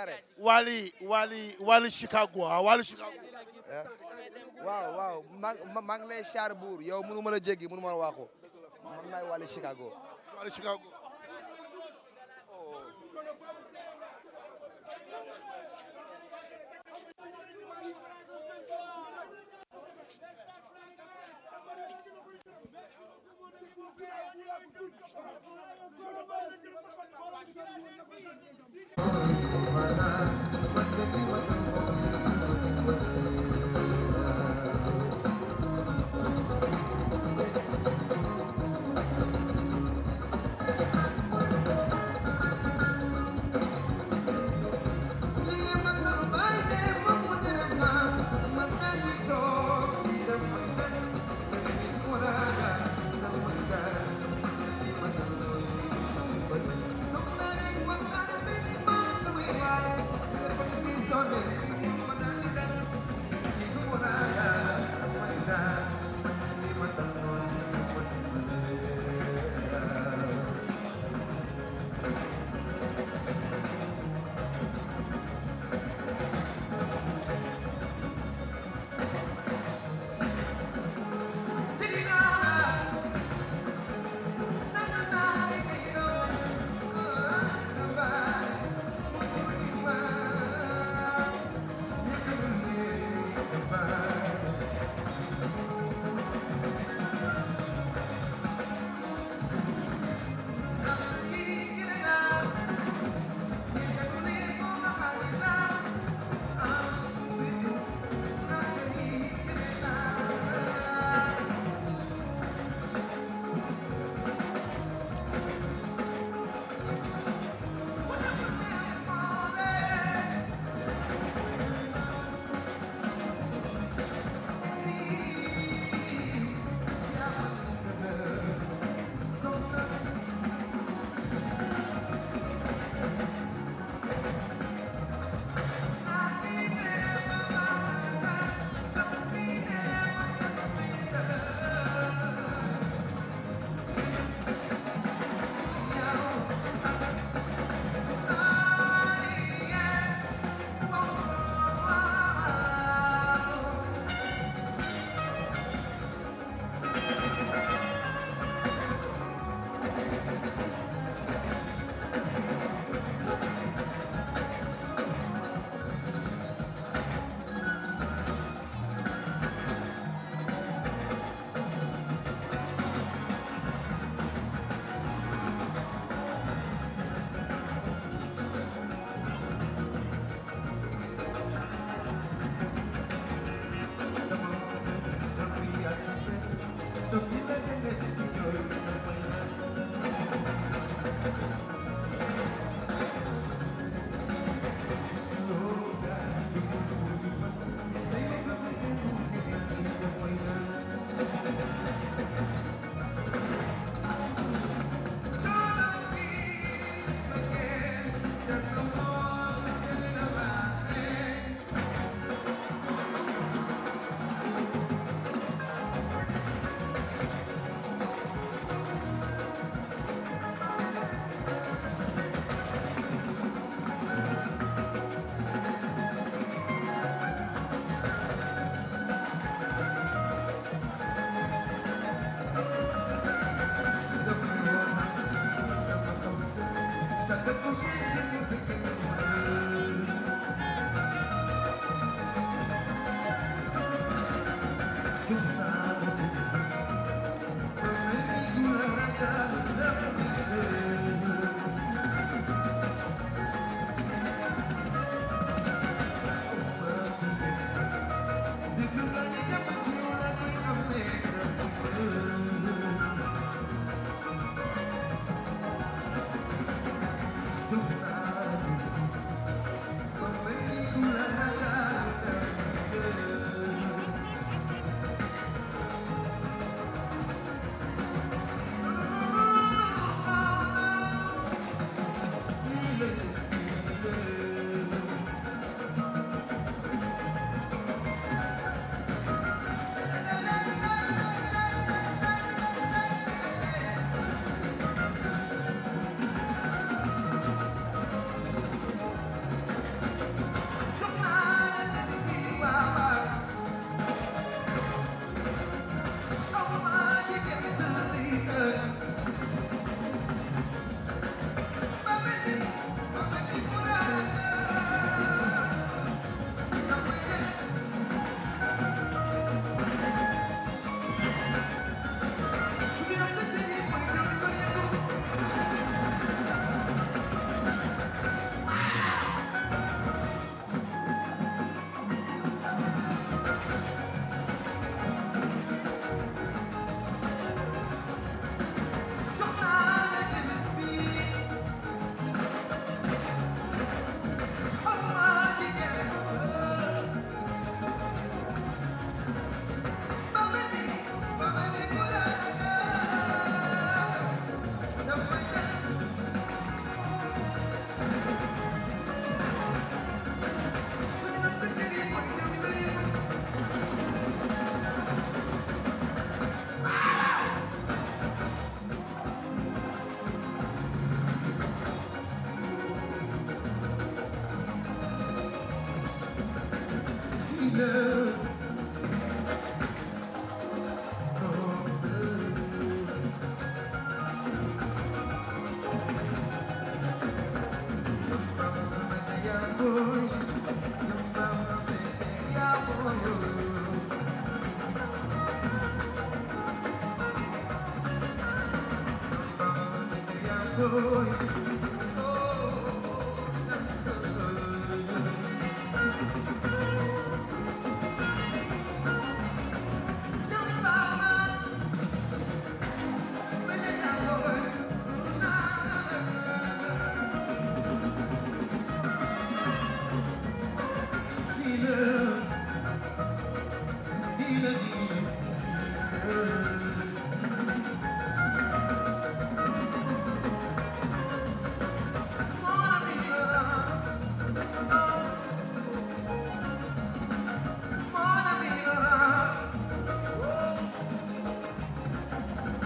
carré. Wally Wally Chicago ah Chicago. Eh? waaw waaw maa maa ngi lay char buur yow mënu ma la jéggi mënu ma la waaxu man maay Wally Chicago. Chicago. a Thank you.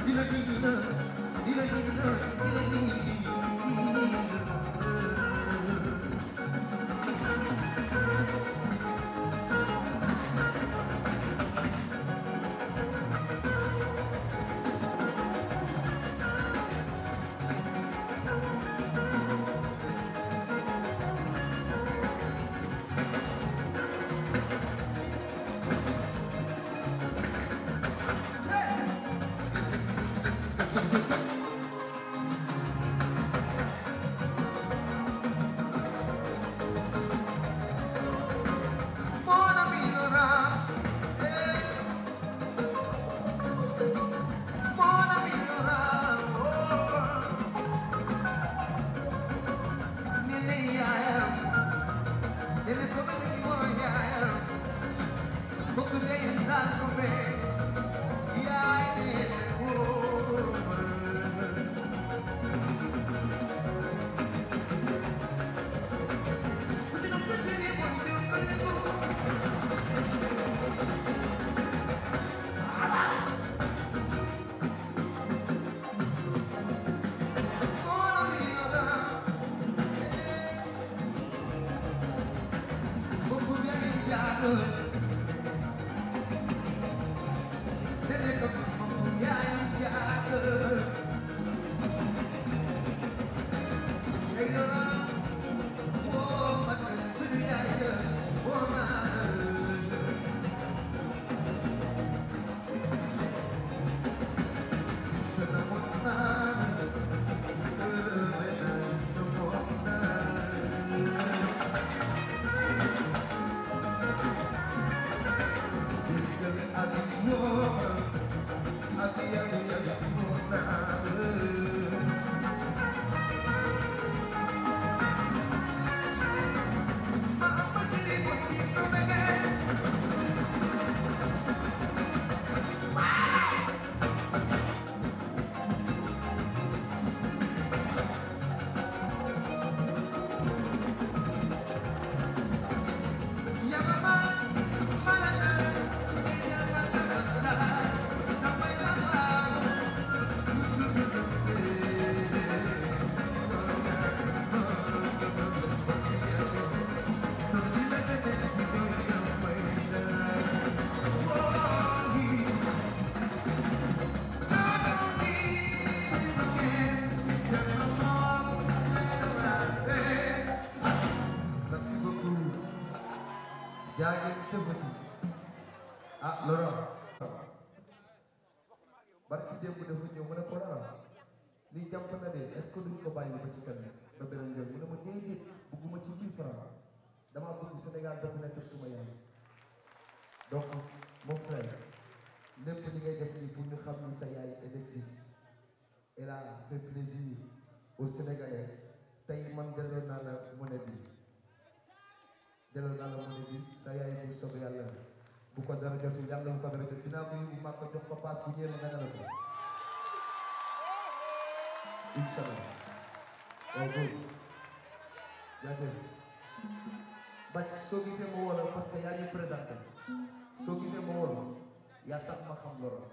dila dila dila dila dila Jadi yang lebih pada itu dinami umat kejok kepas bunyi mengenai lagi insya Allah Oke Jatuh Bac sogi se mawala pas que yaa ñu présenté soo gisee mawala yaa tax ma xam loro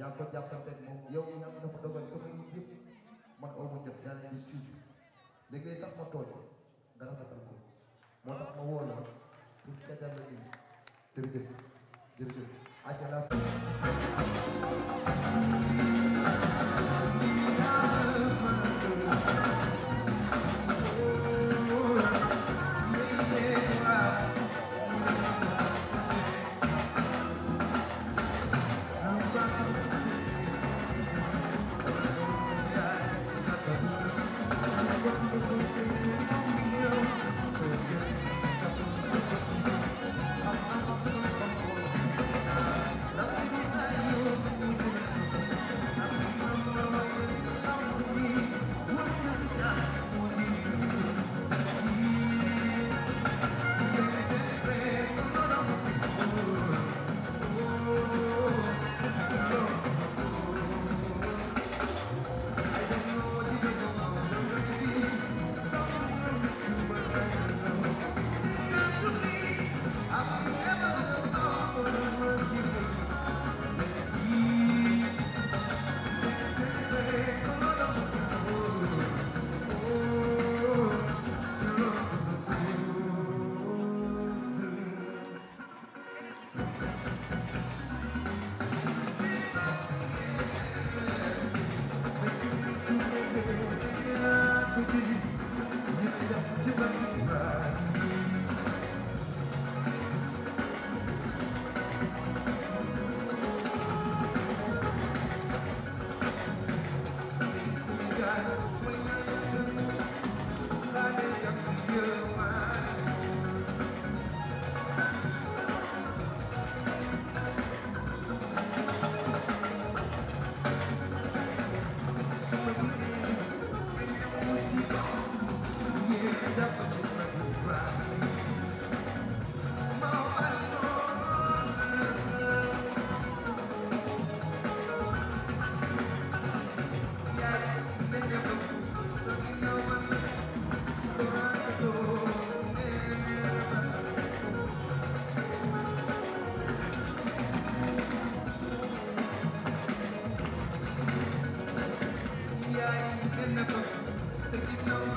yaa ko jàppante moom yow yaa dafa dogal sama nit yëpp man aw ma jot yàlla di suivre léegi sax ma tooñ nga rafetal ko moo tax ma woo la pour seetal la nii jërëjëf never, Say you know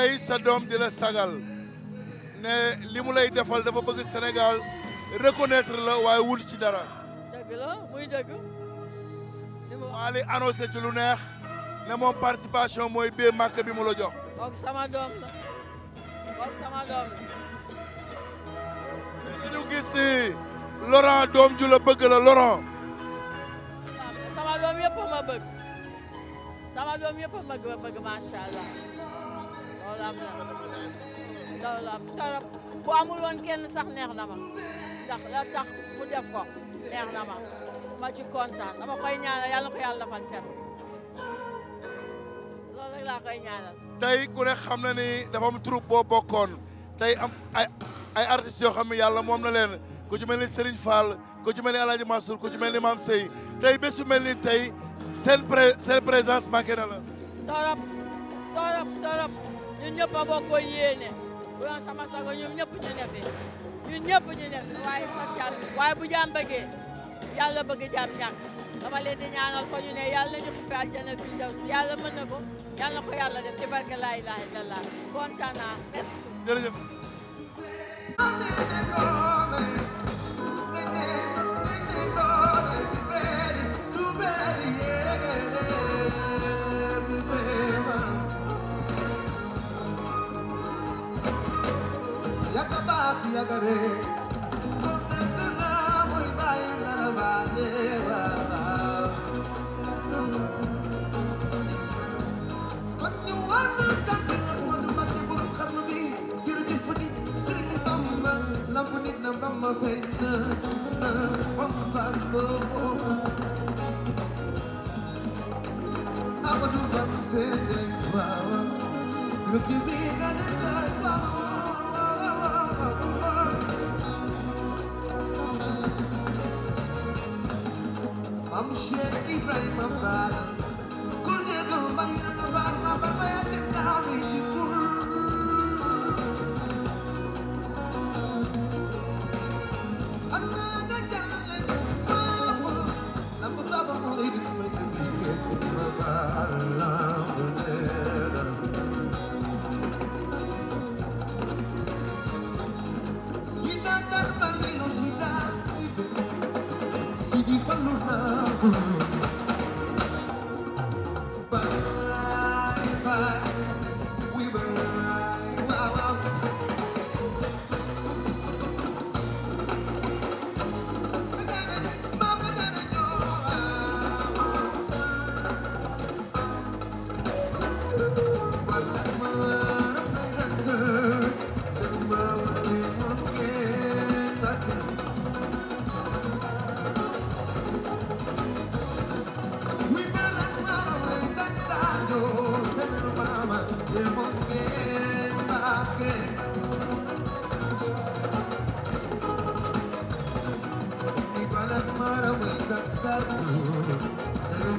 tey sa doom di la sagal ne li mu lay defal dafa bëgg Sénégal reconnaître la waaye wul ci dara. dëgg la muy dëgg. maa li ci lu neex ne moom participation mooy bee màkk bi mu la jox. kooku sama doom la kooku ma bëgg sama doom yëpp ma bëgg macha la loolu la torop bu amul woon kenn sax neex na ma ndax la tax mu def ko neex na ma ma ci kontaan dama koy ñaanal yàlla ko yàlla fan cat loolu rek laa koy ñaanal. tey ku ne xam na ni dafa am troupe boo bokkoon tey am ay ay artistes yoo xam ne yàlla moom na leen ku ci mel ni Serigne Fall ku ci mel ni El Hadj Mansour ku ni Mame Seye tey bés yu mel ni tey seen présence manqué na la. torop torop torop. ñun ñëpp a yéene bu doon sama sago ñun ñëpp ñu ne ñun ñëpp waaye sant waaye bu jaam bëggee yàlla bëgg jaam ñàkk leen di ñaanal ko ñu ne yàlla nañu xuppe àjjana fi daw si yàlla mën na ko yàlla na ko yàlla def ci barke laa ilaaha illallah kontaan naa merci jërëjëf I'm I'm I'm a a a fan fan fan of of the the world. world. किया करे Look at me, that is like wow. I'm Sherry Ibrahim Abad.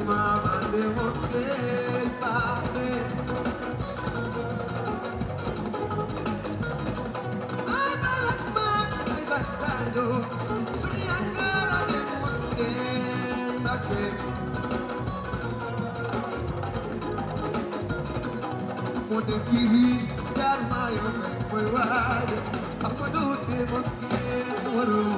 quemaban de mortel, Pode pirir, dar maior, foi o ar, a poder ter morrer, morou.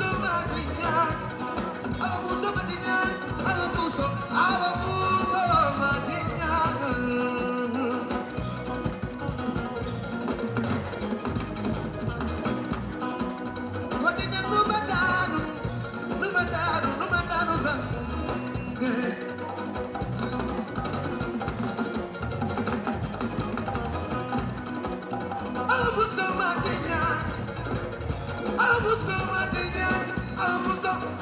i Afrika, Musuh Madinah, Musuh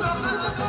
I'm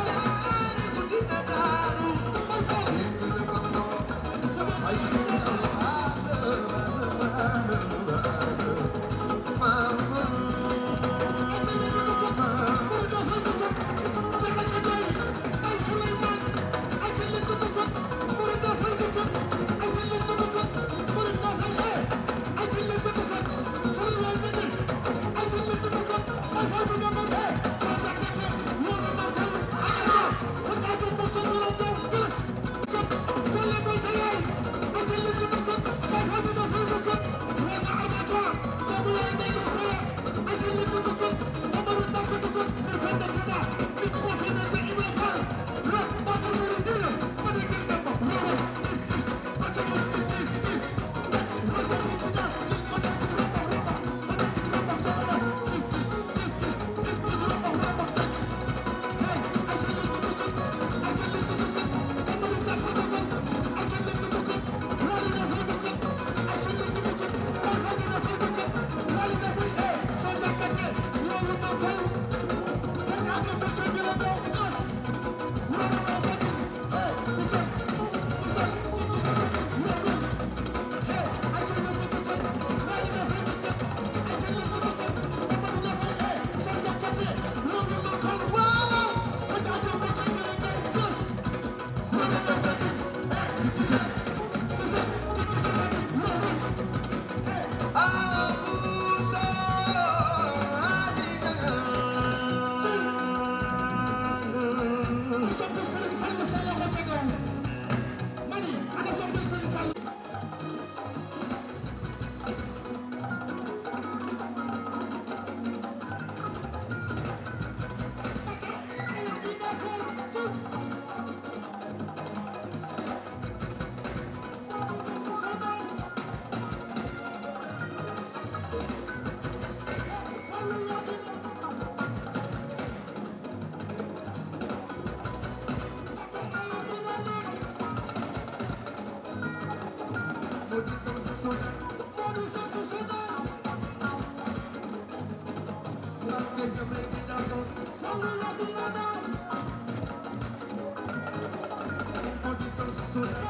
So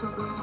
Africa.